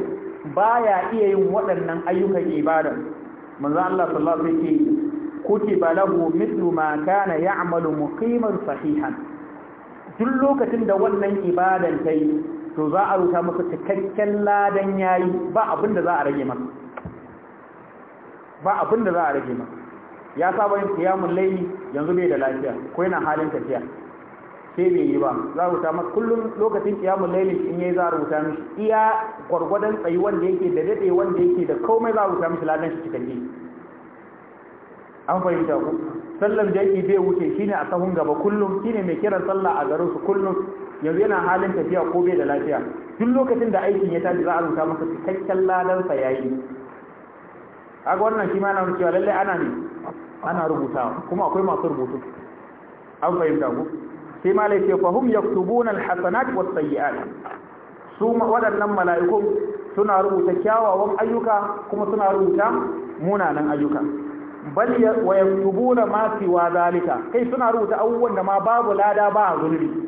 Speaker 1: baya iya yin waɗannan ayyukan ibada manzo Allah sallallahu alaihi wasallam kutiba lahu mithlu ma kana ya'malu muqiman sahihan duk lokacin da wannan ibadan ta yi to za a rubuta masa cikakken ladan yayi ba abin da za a rage masa ba abin da za a rage masa ya saba yin qiyamul layli yanzu bai da lafiya ko yana halin tafiya sai bai yi ba za a rubuta masa kullum lokacin qiyamul layli in yayi za a rubuta mishi iya gwargwadon tsayi wanda yake da dade wanda yake da komai za a rubuta mishi ladan shi cikakke an fahimta ku sallar da yake bai wuce shine a sahun gaba kullum shine mai kiran sallah a garin su kullum yanzu yana halin tafiya ko bai da lafiya duk lokacin da aikin ya tashi za a rubuta masa cikakken ladansa ya yi haka wannan shi ma yana nuna cewa lallai ana ne ana rubuta kuma akwai masu rubutu an fahimta ku sai ma laifin fa hum yaktubuna alhasanat was sayyi'at su waɗannan mala'ikun suna rubuta kyawawan ayyuka kuma suna rubuta munanan ayyuka bal wa yaktubuna ma wa zalika kai suna rubuta abubuwan da ma babu lada ba a zunubi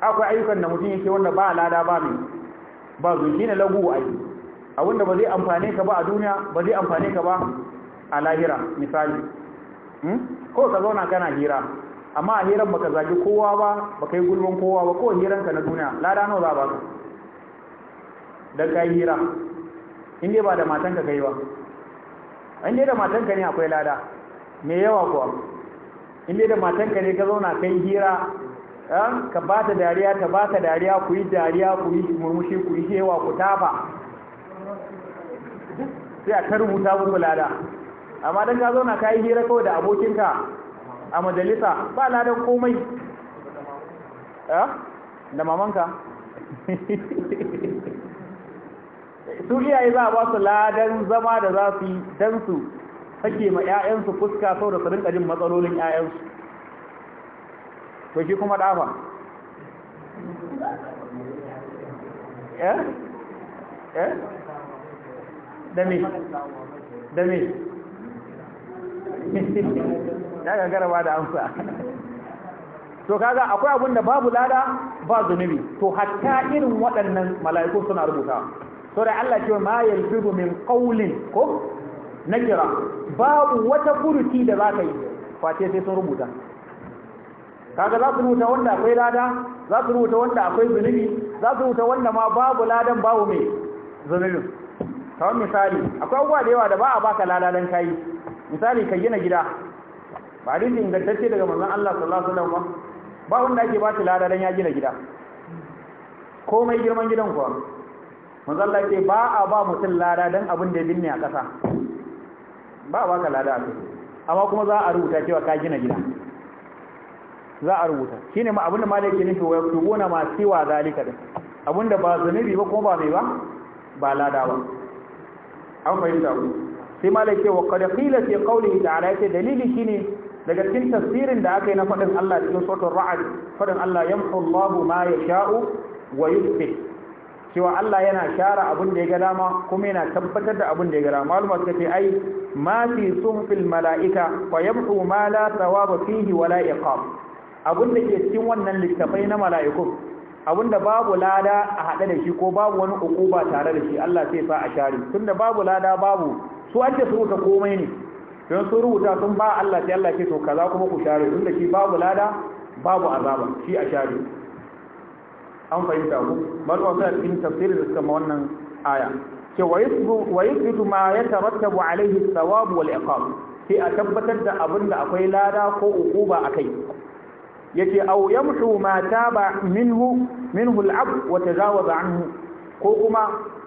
Speaker 1: akwai ayyukan da mutum yake wanda ba lada ba mai ba zuci ne lagu ai abinda ba zai amfane ka ba a duniya ba zai amfane ka ba a lahira misali hmm? ko ka zauna kana hira amma a hiran baka zagi kowa ba baka yi gulman kowa ba ko hiran ka na duniya lada nawa za ba ka ka yi hira in dai ba da matanka kai ba in dai da matanka ne akwai lada me yawa kuwa in dai da matanka ne ka zauna kai hira ka ba ta dariya ta ba ta dariya ku yi dariya ku yi murmushi ku yi shewa ku tafa sai a ta rubuta ku lada amma dan ka zauna ka yi hira kawai da abokinka a majalisa ba ladan komai da mamanka su iyaye za a ba su ladan zama da za su yi don su sake ma 'ya'yansu fuska sau da su rinka jin matsalolin 'ya'yansu to shi kuma ɗafa eh eh dami dami ya da amsa to kaga akwai abin da babu lada ba zunubi to hatta irin waɗannan mala'iku suna rubuta to da Allah ce ma yalfidu min qawlin ko nakira babu wata furuci da zaka yi kwace sai sun rubuta kaga za su rubuta wanda akwai lada za su rubuta wanda akwai zunubi za su rubuta wanda ma babu ladan babu mai zunubin kawai misali akwai abubuwa da yawa da ba a baka lada dan kayi misali ka gina gida ba hadisi ingantacce daga manzon Allah sallallahu alaihi wasallam ba wanda ake ba shi lada don ya gina gida komai girman gidan kuwa manzon Allah yake ba a ba mutum lada don abin da ya binne a kasa ba a baka lada a kai amma kuma za a rubuta cewa ka gina gida za a rubuta shine ma abinda malai yake nufi wa yaktubuna ma siwa zalika din abinda ba zunubi ba kuma ba mai ba ba lada ba an fahimta ku sai malai ce wa qad qila fi da ta'ala yake dalili shine daga cikin tasirin da aka yi na faɗin Allah cikin suratul ra'd faɗin Allah yamhu Allahu ma ya sha'u wa yi yusbih cewa Allah yana share abin da ya ga dama kuma yana tabbatar da abin da ya ga dama maluma suka ce ai ma fi sunfil mala'ika fa yamhu ma la thawaba fihi wala la iqam abin da ke cikin wannan littafai na mala'iku abin da babu lada a haɗe da shi ko babu wani ukuba tare da shi Allah sai sa a share tunda babu lada babu su an ce su rubuta komai ne don su rubuta sun ba Allah sai Allah ke to kaza kuma ku share tunda shi babu lada babu azaba shi a share an fahimta ku bal wa a cikin tafsir da suka wannan aya ce wa yuthbitu ma yatarattabu bu alaihi thawab wal iqab sai a tabbatar da abin da akwai lada ko ukuba kai. yace aw yamhu ma taba minhu minhu al'ab wa tajawaza anhu ko kuma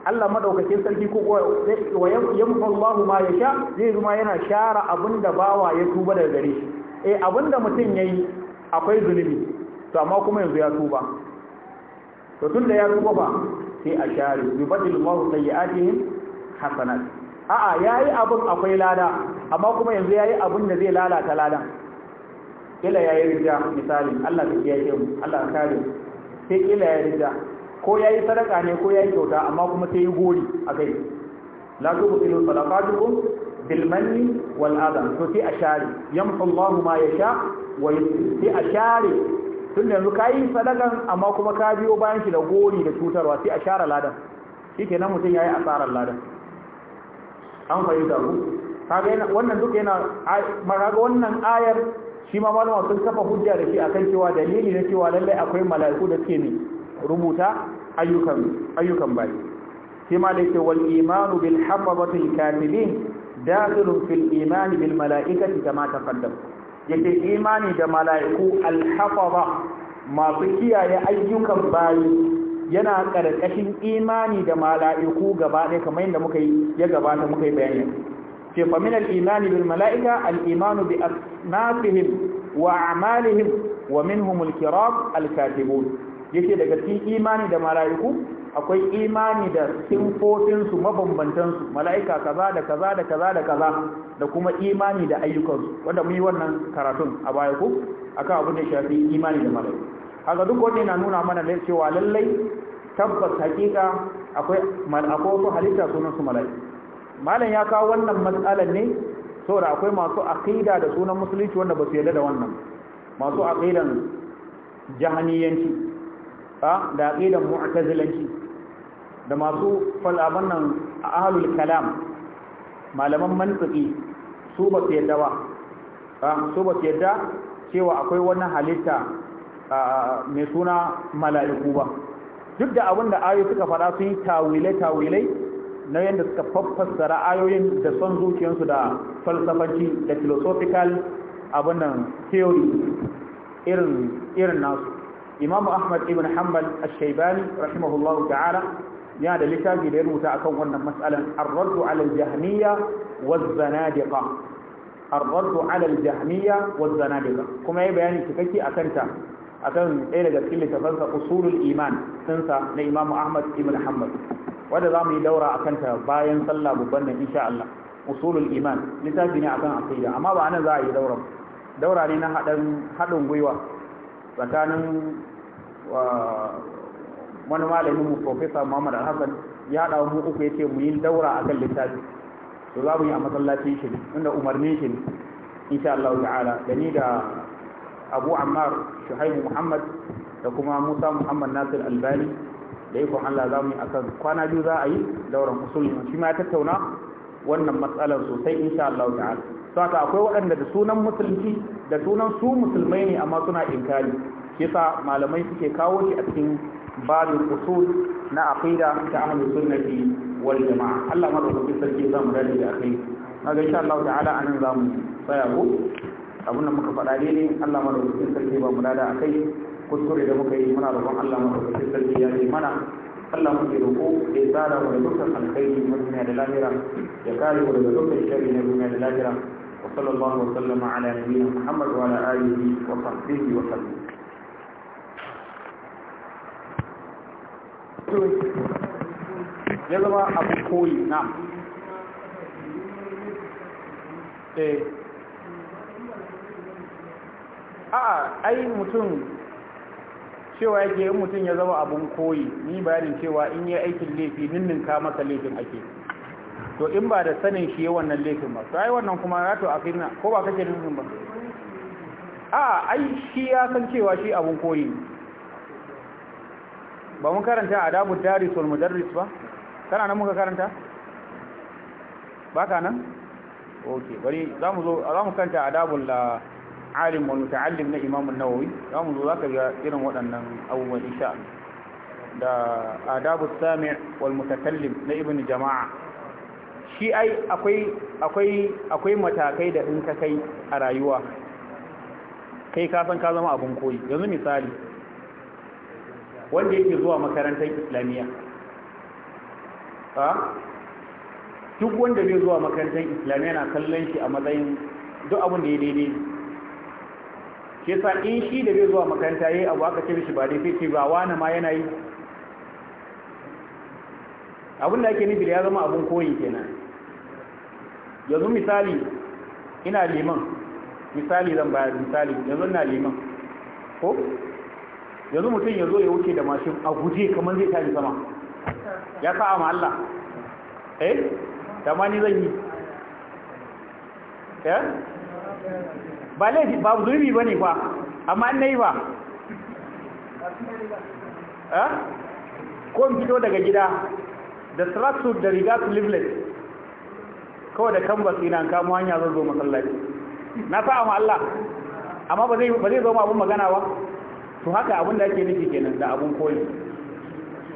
Speaker 1: Allah madaukakin sarki ko wa yamhu Allah ma yasha zai zuma yana share abinda bawa ya tuba daga gare shi eh abinda mutum yayi akwai zunubi to amma kuma yanzu ya tuba to tun da ya tuba ba sai a share yubadil Allah sayyi'atihim hasanat a'a yayi abin akwai lada amma kuma yanzu yayi abin da zai lalata ladan kila ya yi rija misali Allah da ya ce Allah ka kare sai kila ya rija ko ya yi sadaka ne ko ya yi kyauta amma kuma sai yi gori a kai la bilu salafatukum bil manni wal adam to sai a share yamhu Allah ma yasha wa sai a share tun yanzu ka yi sadakan amma kuma ka biyo bayan shi da gori da cutarwa sai a share ladan shikenan mutum ya yi asarar ladan an fahimta ku kaga wannan duk yana kaga wannan ayar shi ma malama sun kafa hujja da shi akan cewa dalili na cewa lallai akwai mala'iku da suke ne rubuta ayyukan ayyukan bayi shi ma da yake wal imanu bil hafazatil katibin dakhilun fil imani bil mala'ikati kama taqaddam yake imani da mala'iku al hafaza masu kiyaye ayyukan bai yana karkashin imani da mala'iku gaba ɗaya kamar yadda muka yi ya gabata muka yi bayani ce fa min al-imani bil mala'ika al-imanu bi asnafihim wa a'malihim wa minhum al-kiram yake daga cikin imani da mala'iku akwai imani da sinfofinsu mabambantansu mala'ika kaza da kaza da kaza da kaza da kuma imani da ayyukansu wanda mu yi wannan karatun a baya ku akan abin da haka duk wanda yana nuna mana da cewa lallai tabbas hakika akwai mala'iku halitta sunan su mala'iku malam ya kawo wannan matsalar ne saboda akwai masu aqida da sunan musulunci wanda ba su yarda da wannan masu aqidan jahaniyanci a da aqidan mu'tazilanci da masu falaban nan ahlul kalam malaman mantiki su ba su yarda ba su ba su yarda cewa akwai wani halitta mai suna mala'iku ba duk da abin da ayoyi suka faɗa sun yi tawile-tawile na yadda suka faffasa ra'ayoyin da son zuciyarsu da falsafanci da philosophical abunan theory irin nasu imam ahmad ibn hanbal al-shaibani rahimahullahu ta'ala yana da littafi da ya rubuta akan wannan mas'alan ar-raddu ala al-jahmiyya waz-zanadiqa ar-raddu ala al-jahmiyya zanadiqa kuma yayi bayani cikakke akan ta akan ɗaya daga cikin littafansa usulul iman sunsa na imamu ahmad ibn hamad wanda za mu yi daura a ta bayan sallah babban nan insha Allah usulul iman littafi ne akan aqida amma ba anan za a yi daura daura ne na haɗin haɗin gwiwa tsakanin wani malamin mu professor Muhammad Al-Hassan ya haɗa mu uku yace mu yi daura akan littafi to za mu yi a masallacin shi inda umarnin shi insha Allah ta'ala da ni da abu ammar shuhaibu muhammad da kuma musa muhammad nasir albani da ikon allah za mu yi akan kwana biyu za a yi dauran musulmi shi ma ya tattauna wannan matsalar sosai insha ta'ala saka akwai waɗanda da sunan musulunci da sunan su musulmai ne amma suna inkari yasa malamai suke kawo shi a cikin babin usul na aqida ta ahlus sunnati wal jamaa Allah madaukakin sarki zamu dade da akai kaga insha Allah ta'ala anan mu tsaya ko abin da muka faɗa ne Allah madaukakin sarki ba mu dada akai kuskure da muka yi muna roƙon Allah madaukakin sarki ya ce mana Allah muke roƙo ya tsara mu da dukkan alkhairi na duniya da lahira ya kare mu daga dukkan sharri na duniya da lahira wa sallallahu wa sallama ala nabiyyina Muhammad wa ala alihi wa sahbihi wa sallam ya zama abu koyi na eh a'a ai mutum cewa yake mutum ya zama abun koyi ni bayanin cewa in yi aikin laifi ka masa laifin ake to in ba da sanin shi ya wannan laifin ba sai wannan kuma ya to na, ko ba kake nufin ba a ai shi ya san cewa shi abun koyi ba mun karanta adabu daris wal mudarris ba kana nan muka karanta ba ka nan okay bari zamu zo zamu karanta adabul la ah, alim wani ta'allim na imamun nawawi za mu zo za ka ga irin waɗannan abubuwan isha da adabu sami wal mutakallim na ibn jama'a shi ai akwai akwai akwai matakai da in ka kai a rayuwa kai ka san ka zama abun koyi yanzu misali wanda yake zuwa makarantar islamiyya ah? duk wanda bai zuwa makarantar islamiyya na kallon shi a matsayin duk abin da ya daidai shi yasa in shi da bai zuwa makaranta yayi abu aka ce shi ba dai sai ce ba wani ma yana yi abin da ake nufi da ya zama abun koyi kenan yanzu misali ina liman misali zan bayar misali yanzu ina liman ko yanzu mutum ya zo ya wuce da mashin a guje kamar zai tafi sama ya sa ma Allah eh tamani zan yi eh ba laifi ba zurbi ba ne ba amma an nai ba ko fito daga gida da tracksuit da riga su livlet kawai da canvas na kamo hanya zan zo masallaci na fa'a ma Allah amma ba zai zo ma abun magana ba to haka abin da ake nufi kenan da abun koyi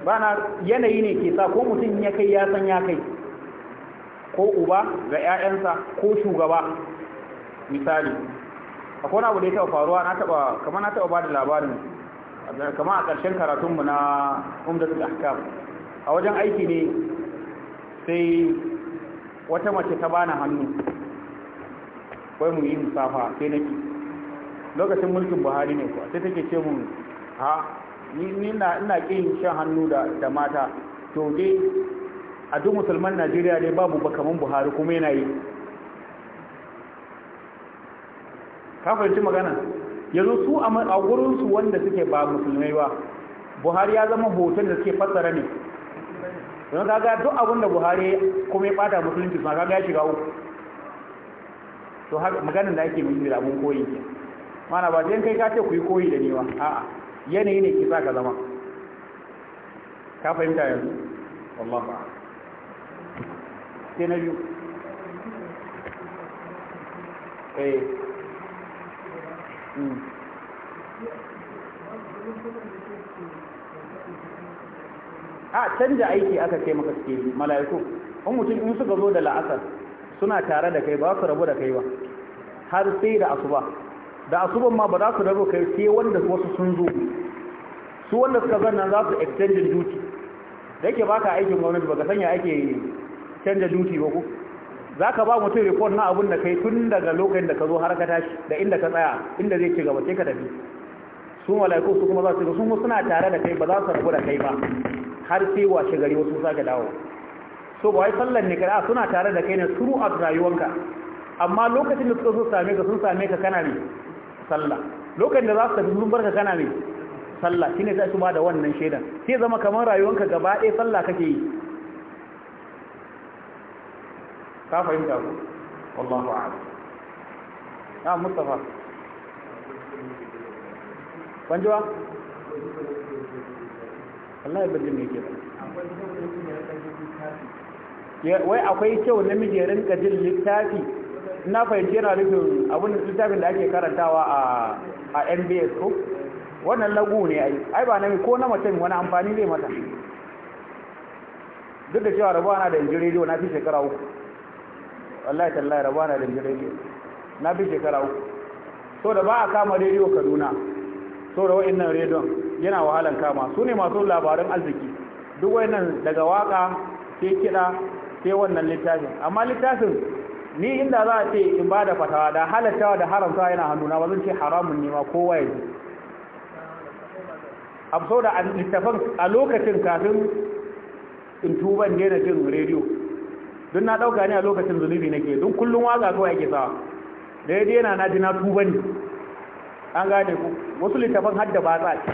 Speaker 1: ba na yanayi ne ke sa ko mutum ya kai ya san ya kai ko uba ga 'ya'yansa ko shugaba misali akwai wani abu da ya taɓa faruwa na taɓa kamar na taɓa ba da labarin kamar a ƙarshen karatunmu na umdatul ahkam a wajen aiki ne sai wata mace ta bani hannu kai mu yi musafa sai na ki lokacin mulkin buhari ne kuwa sai take ce mu ha ni ina ina kin shan hannu da mata to dai a duk musulman Najeriya dai babu ba kamar Buhari kuma yana yi ka fahimci magana yanzu su a gurinsu wanda suke ba musulmai ba buhari ya zama hoton da suke fassara ne yanzu kaga duk abin da buhari kuma ya bata musulunci ma kaga ya shiga uku to haka maganin da ake mai da abun koyi ke mana ba sai kai ka ce ku yi koyi da ni ba a'a yanayi ne ke sa ka zama ka fahimta yanzu wallahi ba sai na biyu eh a canja aiki aka kai maka suke malayaku, in mutum in suka zo da la'asar suna tare da kai ba su rabu da kai ba har sai da asuba da asuban ma ba za su rabu kai sai wanda wasu sun zo su wanda suka nan za su extended duty da yake baka aikin gwamnati ba ka sanya ake canja duty ba ku za ka ba mutum report na abin da kai tun daga lokacin da ka zo har ka tashi da inda ka tsaya inda zai ci gaba sai ka tafi su mala'iku su kuma za su sun suna tare da kai ba za su rabu da kai ba har sai washe gari wasu sake dawo so ba wai sallan ne kada suna tare da kai ne suru a rayuwanka amma lokacin da suka zo same ka sun same ka kana ne sallah lokacin da za su tafi sun barka kana ne sallah shine sai su ba da wannan shaidan sai zama kamar rayuwanka gaba ɗaya sallah kake yi ka fahimta ku wallahu a'lam na mustafa banjuwa ji ba wallahi ban ke ya wai akwai kyau namiji ya rinka jin littafi na fahimci yana da abin littafin da ake karantawa a NBS ko wannan lagu ne ai ai ba nami ko na mace wani amfani zai mata duk da cewa rabuwa na da injin rediyo na fi shekara uku wallahi tallahi rabana da rediyo na bi shekara uku so da ba a kama rediyo kaduna so da wa'annan rediyon yana wahalan kama su ne masu labaran arziki duk wa'annan daga waka sai kiɗa sai wannan littafin amma littafin ni inda za a ce in ba da fatawa da halattawa da haramtawa yana hannuna ba zan ce haramun ne ma kowa ya ji da littafin a lokacin kafin in tuban daina jin rediyo don na ɗauka ne a lokacin zunubi nake don kullum waza kawai ake sawa da ya daina na ji na tuba ne an gane ku wasu littafan hadda ba za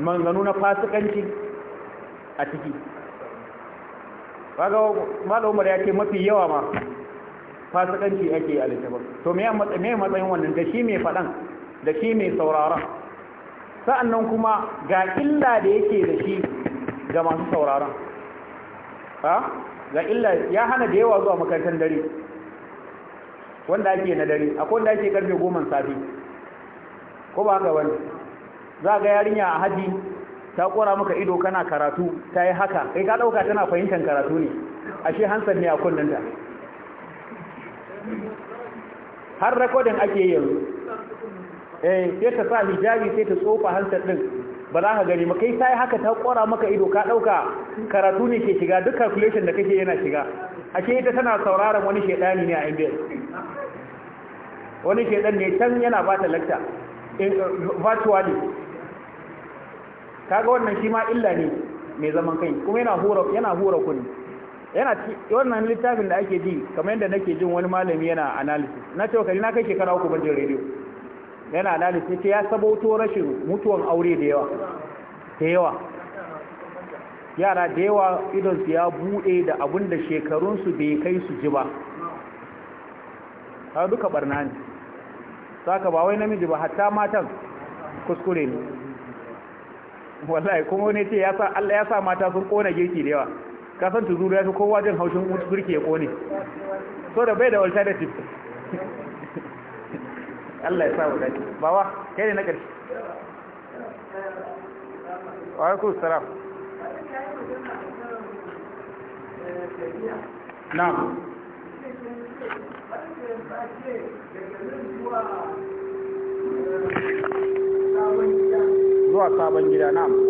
Speaker 1: manzanu na fasikanci a ciki kaga malam umar ya ce mafi yawa ma fasikanci ake a littafan. to me me matsayin wannan da shi mai faɗan da shi mai sauraron sa'annan kuma ga illa da yake da shi ga masu sauraron ha ga illa ya hana da yawa zuwa makarantar dare wanda ake na dare akwai wanda ake karfe goma safi ko ba ga wani za ga yarinya a haji ta kora maka ido kana karatu ta yi haka kai ka ɗauka tana fahimtar karatu ne ashe hansar ne a kundinta har rekodin ake yanzu eh sai ta sa hijabi sai ta tsofa hansar ɗin ba za ka gani makai sai haka ta kora maka ido ka dauka karatu ne ke shiga duk calculation da kake yana shiga ashe ita tana sauraron wani shedani ne a inda wani shedan ne can yana ba ta lakta eh, virtually kaga wannan shi ma illa ne mai zaman kai kuma yana hura yana hura kuni yana wannan littafin da ake ji kamar yadda nake jin wani malami yana analysis na ce kai na kai shekara uku ban jin radio yana halali ta ya sabauto rashin mutuwan aure da yawa da yawa yara da yawa idonsu ya buɗe da abin da shekarunsu bai kai su ji ba har duka barna ne saka ba wai namiji ba hatta matan kuskure ne wallahi kuma ne ce ya sa Allah ya sa mata sun kona girki da yawa kasan tuzuru ya fi kowa jin haushin mutu girki ya kone so da bai da alternative Allah ya sa wa dace bawa kai ne na ƙarshe wa alaikum salam na zuwa sabon gida
Speaker 2: na.